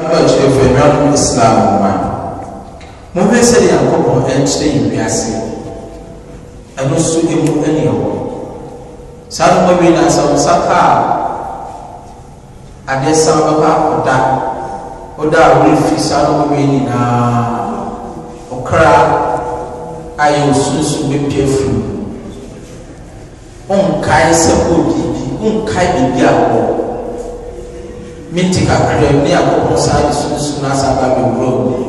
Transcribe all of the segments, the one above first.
ɔkyerɛfo anuanom islam ma mohwɛ sɛ nyankopɔn ɛnkyerɛ yɛ wiase ɛno so ɛmu ɛne ɛwɔ saa noma wei na sɛ wo sa kaa adeɛ san bɛba ɔda ɔda a worefi saa noma wei nyinaa ɔkra ayɛ osunsun bɛpi afiri wonkae sɛ wɔ biribi wonkae biribi a wɔwɔ minti kakra ne akɔkɔ saa de sunsun na asa ba bewura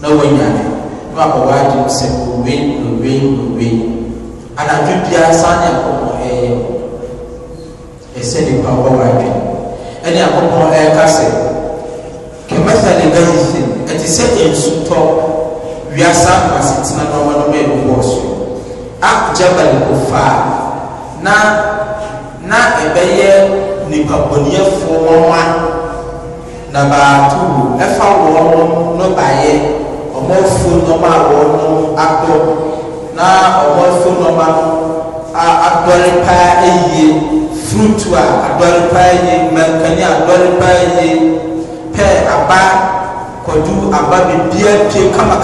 na wɔnya ne na wɔabɔ wɔadi mu sɛ owen owen owen anadwo biara saa ne akɔkɔ ɛyɛ ɛsɛ nipa bɔ wɔadwe ɛne akɔkɔ ɛyɛka sɛ kɛmɛsɛ ne gayisi ɛte sɛ nsutɔ wiasa asetena na wɔn bɛ wɔ so a gyaba ne kofa na na ɛbɛyɛ nnipahoneɛfoɔ wɔn a na baako ɛfa wɔn no baeɛ ɔmɔfo nneɛma a wɔn no adɔ na ɔmɔfo nneɛma no a adɔre paa yie fruitu a adɔre paa yie mankani adɔre paa yie pɛɛ aba kɔdu aba bibia pie kama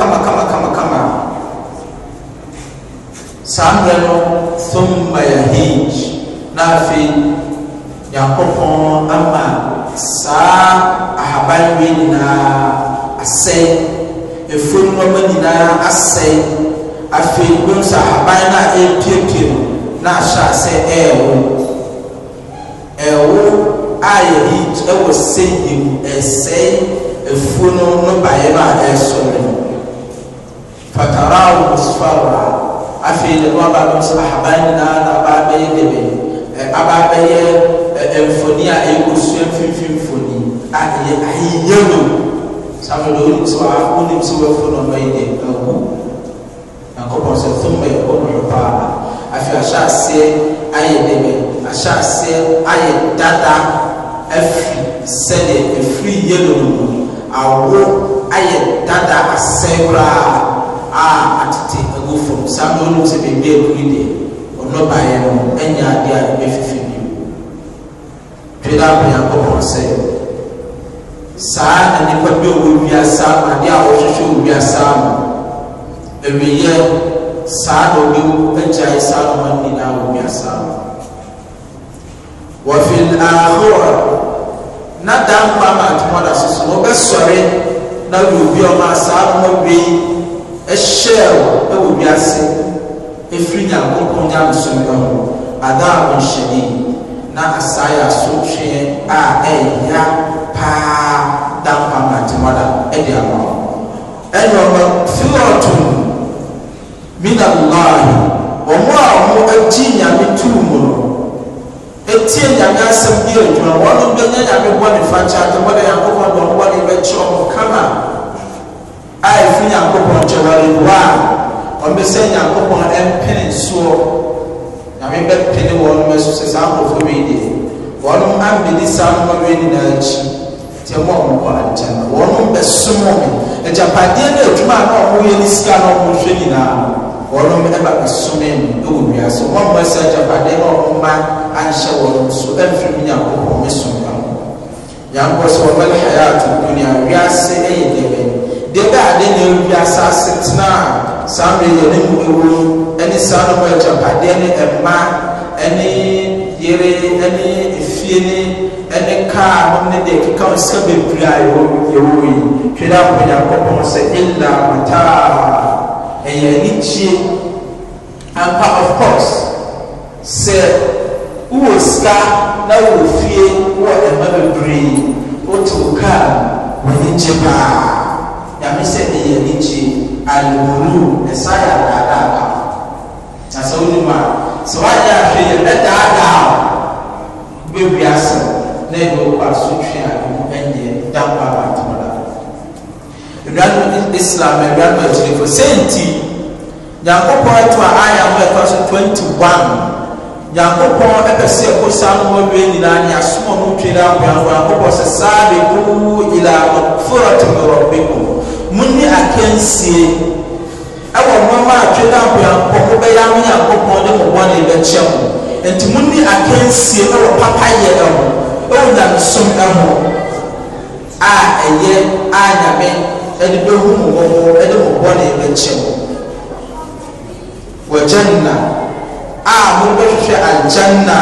saa mmerɛ no thumma yahij na afei nyankopɔn ama saa ahaban wei nyinaa asɛe efuom nneɛma nyinaa asɛe afei bi nso ahaban no a no na ahyɛ asɛ ɛɛwo ɛɛwo a yɛde ɛwɔ sɛyie mu ɛsɛe efuo no no baeɛ no a ɛresɔ no fatarawo musfara afei ne ho aba nso ahaban nyinaa na aba abɛyɛ dɛbɛ ɛ aba abɛyɛ mfoni a ɛyɛ osua mfimfin mfoni a ɛyɛ ayenyano sáfù ló ní sọ àwọn ní sọ wẹfọ náà ọmọ yìí dẹ ẹwù akọbọ sọ tó mọ ẹkọ náà paa àfi ahyɛ aseɛ ayɛ dɛbɛ ahyɛ aseɛ ayɛ dada ɛfiri sɛdeɛ ɛfiri yɛlo no awo ayɛ dada asɛ koraa a atete agu fam sáfù ló ní sọ bèbí ɛkú yi dɛ ɔnɔbaayɛ no ɛnya adeɛ a ɛbɛ fifi bela akɔnyankɔpɔn sɛ saa na nipa bi a ɔwɔ wiasa mu adeɛ a ɔhwehwɛ wɔ wiasa mu awiyɛ saa na ɔbɛ wu agyae saa na ɔman nyinaa wɔ wiasa mu wɔfin ahorow na dan kwama atomɔda soso wɔbɛsɔre na wɔyɛ obi a ɔma saa na ɔbɛ yi ɛhyɛ e e wɔ ɛwɔ wiase efiri nyankopɔn nyamusom ɛho adaa ɔnhyɛ ne yi na asae aso hwɛ a ɛyɛ paa da nkwa mmante wada ɛde ama wo ɛne ɔma filatun min allah wɔn a wɔn agyi nyame tuu mu no etie nyame asɛm bi adwuma wɔn no bɛnya nyame bɔ ne fa kyɛ ade wɔde yankopɔn bɔ wɔn de bɛkyerɛ wɔn kama a efi nyankopɔn kyɛ wɔn ewu a wɔn bɛ sɛ nyankopɔn soɔ nyame bɛpene wɔnom so sɛ saa nkurɔfoɔ wei deɛ wɔnom ammedi saa noma wei nyinaa akyi nti ɛma ɔmo kɔ nkyɛn na wɔnom bɛsom ɔme agyapadeɛ no adwuma a na ɔmoyɛ ne sika na ɔmohwɛ nyinaa wɔnom ɛba bɛsome no ɛwɔ wiase wɔmmɔ sɛ agyapadeɛ na ɔmoma anhyɛ wɔnom so ɛmfiri mu nyankopɔn me som ka ho nyankopɔ sɛ wɔbɛle hayɛ ato dunia wiase ɛyɛ dɛbɛ dɛbɛ ade na ɛwiase asetena a saa mmiri yɛ ne mmɔwuro ne saa no mu agyapadeɛ ne mma ne yere ne efie ne ne kaa ho ne deɛ keka ho sika bebree a yɛwɔ yɛwɔ yi hwɛ dɛ akɔnyakɔpɔn sɛ illa mataa ɛyɛ anigye ampa of course sɛ wowɔ sika na wowɔ fie wowɔ mma bebree woto kaa w'ani gye paa nyame sɛ ɛyɛ anigye alghulu ɛsaya daadaa ba na sɛ wonim a sɛ woanyɛ ahwɛ yɛ bɛdaadaa wobɛwi asɛ na ɛde wokɔ asotwe a ɛmu ɛnyɛ da kɔ abantomada aduanom islam aduanom akyirifo sei senti. nyankopɔn ato a aya ho ɛfa so 21 nyankopɔn ɛpɛ sɛ ɛkosa mmoawie nyinaa ne asoma mu twere akoa nyankopɔn sɛ saa bɛkuu ila makfuratu min rabbikum mo ní akansie ɛwɔ nneɛma a twɛ dɛ abeankɔ mo bɛyɛ ame nyankopɔn de mo bɔ ne bɛkyɛ mo nti mo ní akansie ɛwɔ papayɛ ɛho ɛwɔ nyamesom ɛho a ɛyɛ a nyame ɛde bɛhu mo wɔ mo ɛde mo bɔ ne bɛkyɛ mo wɔ gyanna a mo bɛhwehwɛ agyanna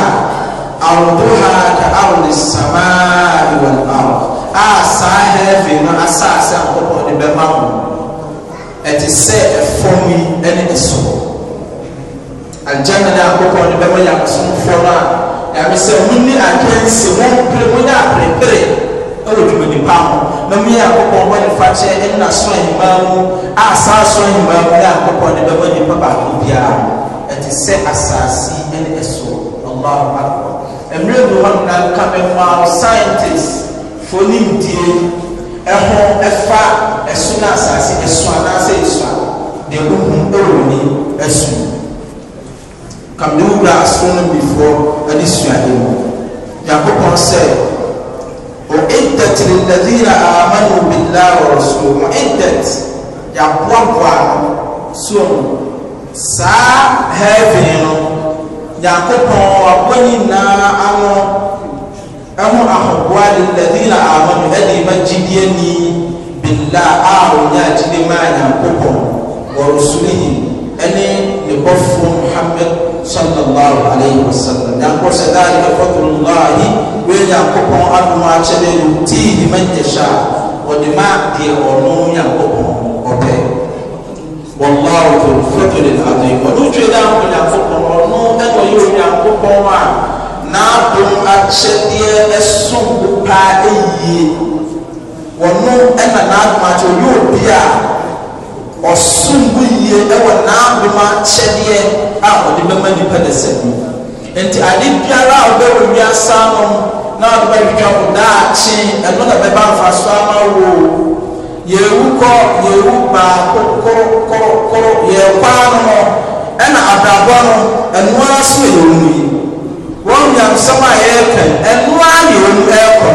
a awɔdoha ka awɔ ne samaa wɔ ne awo a saa heaven no asase a nkɔkɔ de bɛma mo ɛte sɛ ɛfɔm yi ɛne ɛsoro agyana no a nkɔkɔ de bɛma yɛ asomfoɔ no a yàrá sɛ mo ní akansi mo mpere mo ní aperepere ɛwɔ dwumadi pa ho na mo yɛ akɔkɔ mo ne fakyɛ ɛna so ahimaa mu a saa so ahimaa mu na akɔkɔ de bɛma nipa baako biara ɛte sɛ asase ɛne ɛsoro ɔmo ahomaa ɛmmerɛ bi hɔ no na nka mɛmo a scientist fonimdie ɛho ɛfa ɛso na asase ɛso anaasɛ ɛso a deɛ wohu ɛwɔ ni ɛso kamde wo ɛne suade mu nyankopɔn sɛ oiddat lilladina amanu billah wa rasuluhu oiddat yɛaboaboa so saa heaven no nyankopɔn wabɔ nyinaa ano ɛho ahoboa lilladina amanu ɛde ma gyidie ni bila a wɔnyɛ agyide ma nyankopɔn wɔ rusulihi ɛne ne bɔfoɔ muhammad sallallahu alayhi wa sallam nyankopɔn sɛ daalika fadlullahi wei nyankopɔn adom akyɛdɛ no tii ne ma nyɛhyɛ a wɔde ma deɛ ɔno nyankopɔn ɔpɛ wallahu dulfadlil adim ɔno twe dɛ nyankopɔn ɔno ɛna ɔyɛ onyankopɔn a n'adom akyɛdeɛ ɛso wo paa ɛyie wɔno ɛna n'adom akyɛ ɔyɛ obi a ɔsom wo yie ɛwɔ n'adom akyɛdeɛ a wɔde bɛma nipa ne sɛ mu nti ade biara a wɔbɛwɔ wiasa no na wɔde bɛtwitwa wo daakye ɛno na bɛba mfa so ama wo yɛwu kɔ yɛwu baako korokoro yɛkɔ ano no ɛna abrabɔ no ɛnoa so yɛwu no yi wɔn nyansɛm a yɛrepɛ ɛno ara na yɛn ɛrekɔ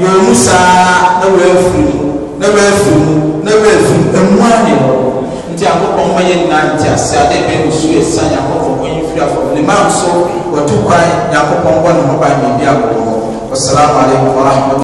no yɛn mu saa na wɔafiri mu na wɔafiri mu na wɔafiri mu ɛmu ara na yɛwɔ nti akokɔ mma yɛ nyinaa nti ase ade bɛ nsuo ɛsa nyakokɔ wɔn yi firi afɔ ne mam so wɔtu kwan nyakokɔ mbɔ ne ho ban baabi akokɔ wɔsalaamu alaikum wa rahmatulah.